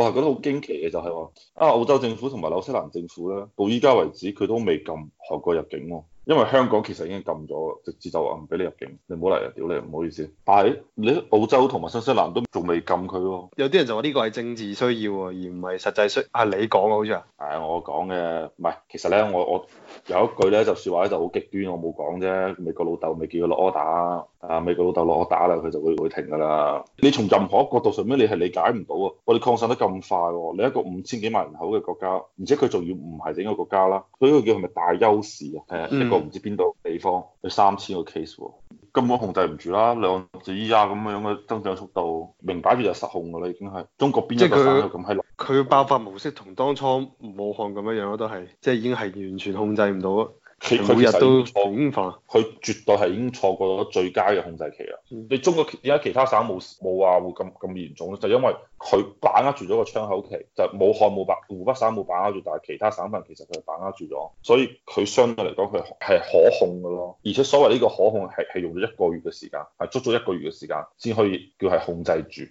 我係覺得好驚奇嘅就係話，啊澳洲政府同埋紐西蘭政府咧，到依家為止佢都未禁韓國入境喎、哦，因為香港其實已經禁咗，直接就話唔俾你入境，你唔好嚟啊，屌你唔好意思。但係你澳洲同埋紐西蘭都仲未禁佢咯、哦。有啲人就話呢個係政治需要，而唔係實際需。係你講啊，好似啊。係、哎、我講嘅，唔係其實咧，我我有一句咧就説話咧就好極端，我冇講啫。美國老豆未叫佢落 order。啊！美國老豆攞打啦，佢就會會停噶啦。你從任何角度，上面，你係理解唔到啊！我哋擴散得咁快、哦，你一個五千幾萬人口嘅國家，而且佢仲要唔係整一個國家啦，所以佢叫係咪大優勢啊？係一個唔知邊度地方，有、嗯、三千個 case，根本控制唔住啦。兩就依家咁樣嘅增長速度，明擺住就失控噶啦已經係。中國邊一個省都咁係。佢爆發模式同當初武漢咁樣樣咯，都係即係已經係完全控制唔到。佢佢每日都錯過，佢絕對係已經錯過咗最佳嘅控制期啦。你的中國點解其他省冇冇話會咁咁嚴重咧？就因為佢把握住咗個窗口期，就武漢冇把湖北省冇把握住，但係其他省份其實佢係把握住咗，所以佢相對嚟講佢係可控㗎囉。而且所謂呢個可控係係用咗一個月嘅時間，係足足一個月嘅時間先可以叫係控制住。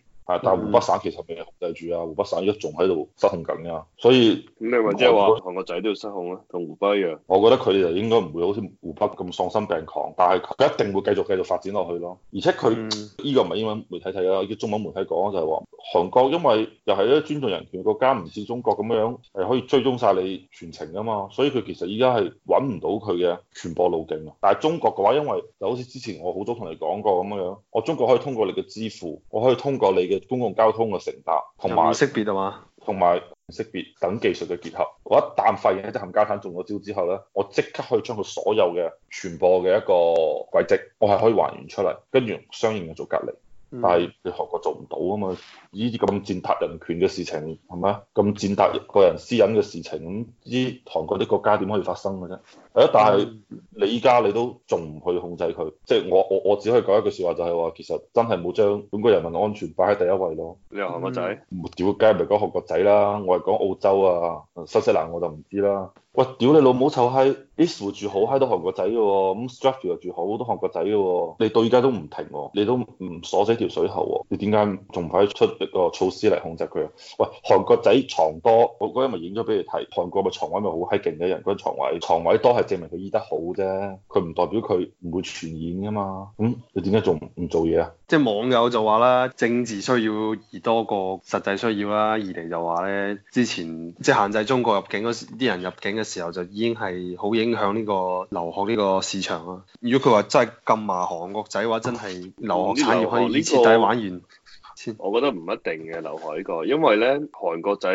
但係湖北省其實未控制住啊！湖北省而家仲喺度失控緊啊！所以咩話即係話韓國仔都要失控啊？同湖北一樣。我覺得佢哋就應該唔會好似湖北咁喪心病狂，但係佢一定會繼續繼續發展落去咯、啊。而且佢呢、嗯、個唔係英文媒體睇啊，依啲中文媒體講就係話，韓國因為又係一尊重人權嘅國、這個、家，唔似中國咁樣係可以追蹤晒你全程㗎嘛，所以佢其實依家係揾唔到佢嘅傳播路徑。但係中國嘅話，因為就好似之前我好早同你講過咁樣，我中國可以通過你嘅支付，我可以通過你嘅。公共交通嘅乘搭，同埋識別啊嘛，同埋識別等技術嘅結合。我一旦發現一隻冚家鏟中咗招之後咧，我即刻可以將佢所有嘅傳播嘅一個軌跡，我係可以還原出嚟，跟住相應嘅做隔離。但係你韓國做唔到啊嘛？呢啲咁踐踏人權嘅事情係咪？咁踐踏個人私隱嘅事情，呢啲韓國啲國家點可以發生嘅啫？係啊，但係。嗯你依家你都仲唔去控制佢？即係我我我只可以講一句話說話，就係話其實真係冇將本國人民安全擺喺第一位咯、嗯。你話、嗯、韓國仔？屌只會咪講韓國仔啦，我係講澳洲啊、新西蘭我就唔知啦。我屌你老母臭閪 Israel 住好閪多韓國仔嘅喎、哦，咁 South Korea 又住好多韓國仔嘅喎、哦，你到依家都唔停喎、哦，你都唔鎖死條水喉喎、哦，你點解仲唔可以出一個措施嚟控制佢啊？喂，韓國仔床多，我嗰日咪影咗俾你睇，韓、那個、國咪床位咪好閪勁嘅人，嗰、那、啲、個、床位床位多係證明佢醫得好啫，佢唔代表佢唔會傳染㗎嘛。咁、嗯、你點解仲唔做嘢啊？即係網友就話啦，政治需要而多過實際需要啦，二嚟就話咧，之前即係限制中國入境嗰時，啲人入境嘅。時候就已經係好影響呢個留學呢個市場咯。如果佢話真係咁麻韓國仔嘅話、啊、真係留學產業行可以徹底玩完。我覺得唔一定嘅留學呢個，因為咧韓國仔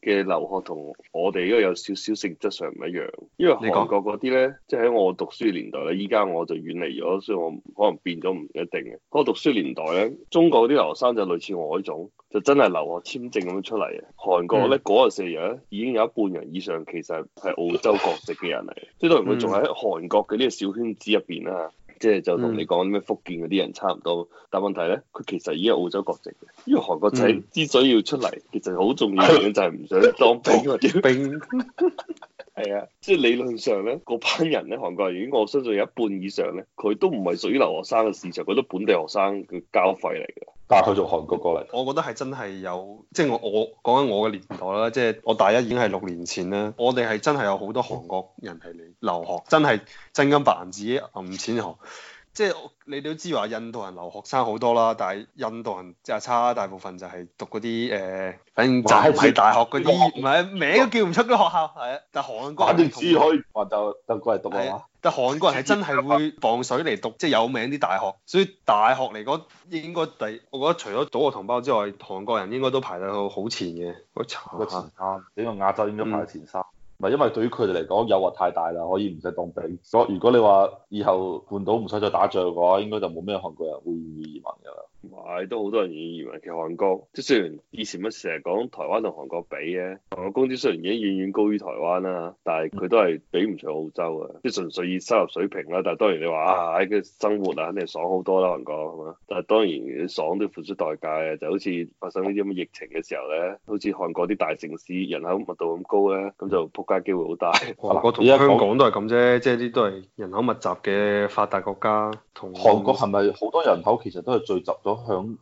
嘅留學同我哋呢個有少少性質上唔一樣。因為韓國嗰啲咧，你說 即係喺我讀書年代咧，依家我就遠離咗，所以我可能變咗唔一定嘅。嗰讀書年代咧，中國啲留學生就類似我呢種，就真係留學簽證咁樣出嚟。韓國咧嗰陣時咧，已經有一半人以上其實係澳洲國籍嘅人嚟，即係當然佢仲喺韓國嘅呢個小圈子入邊啦。即係就同你講咩福建嗰啲人差唔多，嗯、但問題咧，佢其實已經澳洲國籍，因為韓國仔之所以要出嚟，嗯、其實好重要嘅就係唔想當兵 啊，叫兵。係 啊， 即係理論上咧，嗰班人咧，韓國人已經我相信有一半以上咧，佢都唔係屬於留學生嘅市場，佢都本地學生嘅交費嚟嘅。但係佢從韓國過嚟，我覺得係真係有，即係我我講緊我嘅年代啦，即係我大一已經係六年前啦，我哋係真係有好多韓國人係嚟留學，真係真金白銀紙揞錢學。五千即係我，你都知話印度人留學生好多啦，但係印度人即係差大部分就係讀嗰啲誒，反正雜牌大學嗰啲，唔係名都叫唔出嗰啲學校係啊。但係韓國，反正只要可以就就過嚟讀。但係韓國人係真係會傍水嚟讀，即係的 有名啲大學。所以大學嚟講，應該第我覺得除咗祖國同胞之外，韓國人應該都排到好前嘅。排個前三，喺個亞洲點都排到前三。唔係，因為對於佢哋嚟講，誘惑太大啦，可以唔使當兵。咁如果你話以後半島唔使再打仗嘅話，應該就冇咩韓國人會願意移民㗎啦。都好多人願意移民去韓國，即係雖然以前乜成日講台灣同韓國比嘅，韓國工資雖然已經遠遠高於台灣啦，但係佢都係比唔上澳洲啊，即係純粹以收入水平啦。但係當然你話啊，喺嘅生活啊肯定爽好多啦，韓國係嘛？但係當然爽都付出代價啊。就好似發生呢啲咁嘅疫情嘅時候咧，好似韓國啲大城市人口密度咁高咧，咁就撲街機會好大。韓國同依家香港都係咁啫，即係啲都係人口密集嘅發達國家。同韓國係咪好多人口其實都係聚集咗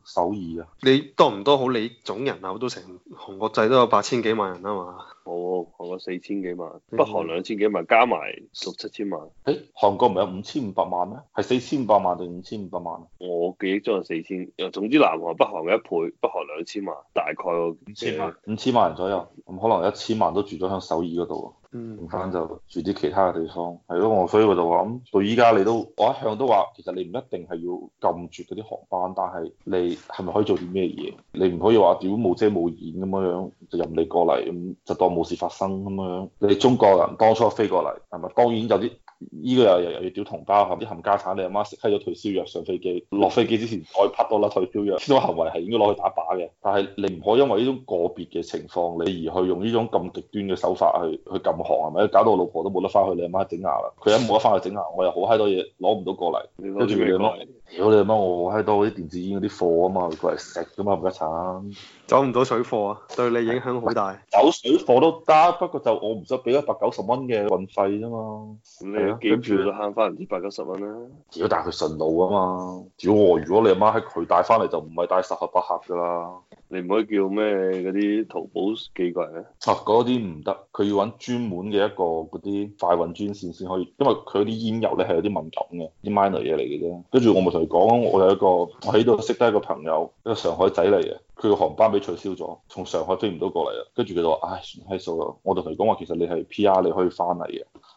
首爾啊！你多唔多好？你總人口都成韓國仔都有八千幾萬人啊嘛？冇、哦，韓國四千幾萬，北韓兩千幾萬，加埋六七千萬。誒、嗯，韓國唔係有五千五百萬咩？係四千五百萬定五千五百萬？我記憶中係四千，總之南韓北韓一倍，北韓兩千萬，大概五千萬，五、呃、五千萬人左右。咁可能一千萬都住咗響首爾嗰度。唔翻、嗯、就住啲其他嘅地方，係咯，我所以我就話咁，到依家你都，我一向都話，其實你唔一定係要撳住嗰啲航班，但係你係咪可以做啲咩嘢？你唔可以話屌冇遮冇掩咁樣，就任你過嚟咁，就當冇事發生咁樣。你中國人當初飛過嚟，係咪當然有啲。依個又又又要屌同胞，啲冚家產，你阿媽食開咗退燒藥上飛機，落飛機之前再啪多粒退燒藥，呢種行為係應該攞去打靶嘅。但係你唔可因為呢種個別嘅情況，你而去用呢種咁極端嘅手法去去禁學係咪？搞到我老婆都冇得翻去，你阿媽整牙啦。佢一冇得翻去整牙，我又好閪多嘢攞唔到過嚟，跟住你阿媽，屌你阿媽我好閪多啲電子煙嗰啲貨啊嘛，過嚟食噶嘛，唔家產。走唔到水貨啊，對你影響好大。走水貨都得，不過就我唔使俾一百九十蚊嘅運費啫嘛。跟住都慳翻唔知八九十蚊啦。只要帶佢順路啊嘛。屌要，如果你阿媽喺佢帶翻嚟，就唔係帶十盒八盒噶啦。你唔可以叫咩嗰啲淘寶寄過嚟，咧、啊？嗰啲唔得，佢要揾專門嘅一個嗰啲快運專線先可以，因為佢啲煙油呢係有啲敏感嘅，啲 minor 嘢嚟嘅啫。跟住我咪同佢講，我有一個我喺度識得一個朋友，一個上海仔嚟嘅，佢個航班俾取消咗，從上海飛唔到過嚟啊。跟住佢就話：唉、哎，算，係數啊！我就同佢講話，其實你係 PR，你可以翻嚟嘅。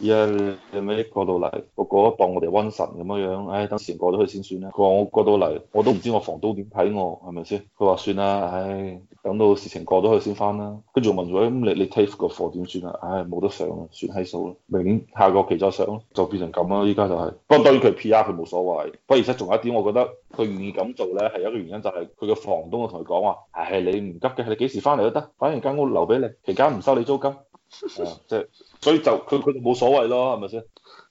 而家你咪一過到嚟，個個都當我哋瘟神咁樣樣，唉，等事情過咗去先算啦。佢話我過到嚟，我都唔知我房東點睇我，係咪先？佢話算啦，唉、hey, hey,，等到事情過咗去先翻啦。跟住問佢咁你你梯幅個貨點算啊？唉、hey,，冇得上啊，算閪數啦。明年下個期再上咯，就變成咁咯。依家就係，不過對於佢 P R 佢冇所謂。不過而且仲有一點，我覺得佢願意咁做咧，係有一個原因就係佢嘅房東同佢講話，唉，你唔急嘅，你幾時翻嚟都得，反正間屋留俾你，期間唔收你租金。啊、 嗯，即係，所以就佢佢就冇所謂咯，係咪先？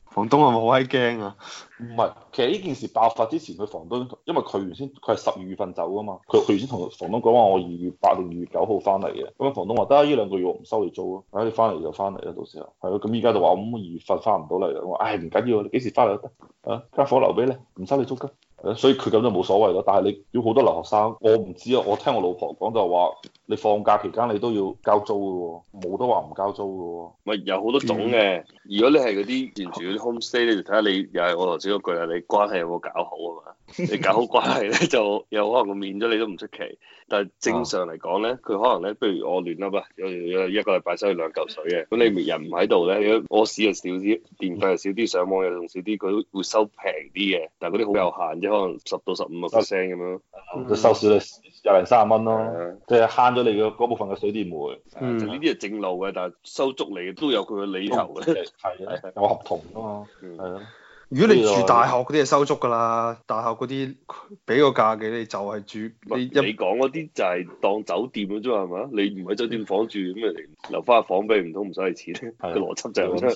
房東係咪好閪驚啊？唔係，其實呢件事爆發之前，佢房東因為佢原先佢係十二月份走噶嘛，佢佢原先同房東講話我二月八定二月九號翻嚟嘅，咁房東話得，呢兩個月我唔收你租咯，啊、哎、你翻嚟就翻嚟啦，到時候係咯，咁依家就話咁二月份翻唔到嚟，我話唉唔緊要，你幾時翻嚟都得啊？間房留俾你，唔收你租金，所以佢咁就冇所謂咯。但係你要好多留學生，我唔知啊，我聽我老婆講就話。就是你放假期間你都要交租嘅喎、哦，冇得話唔交租嘅喎、哦。咪有好多種嘅，如果你係嗰啲連住嗰啲 homestay 咧，home stay，你就睇下你又係我頭先嗰句啊，你關係有冇搞好啊嘛？你搞好關係咧，就有 可能佢免咗你都唔出奇。但係正常嚟講咧，佢、啊、可能咧，不如我亂噏啊，有有一個禮拜收你兩嚿水嘅，咁你人唔喺度咧，如果屙屎又少啲，電費又少啲，上網又用少啲，佢會收平啲嘅。但係嗰啲好有限，即可能十到十五個 percent 咁樣，啊嗯、收少你廿零三十蚊咯，即係慳。你嘅嗰部分嘅水電煤，呢啲係正路嘅，但係收足嚟都有佢嘅理由嘅，係啊，有合同啊嘛，係咯、哦。的如果你住大學嗰啲，收足噶啦，大學嗰啲俾個價俾不一你，就係住你。你講嗰啲就係當酒店嘅啫，係咪？你唔喺酒店房住咁的你留翻個房俾唔通唔使錢？個的邏輯就係咁。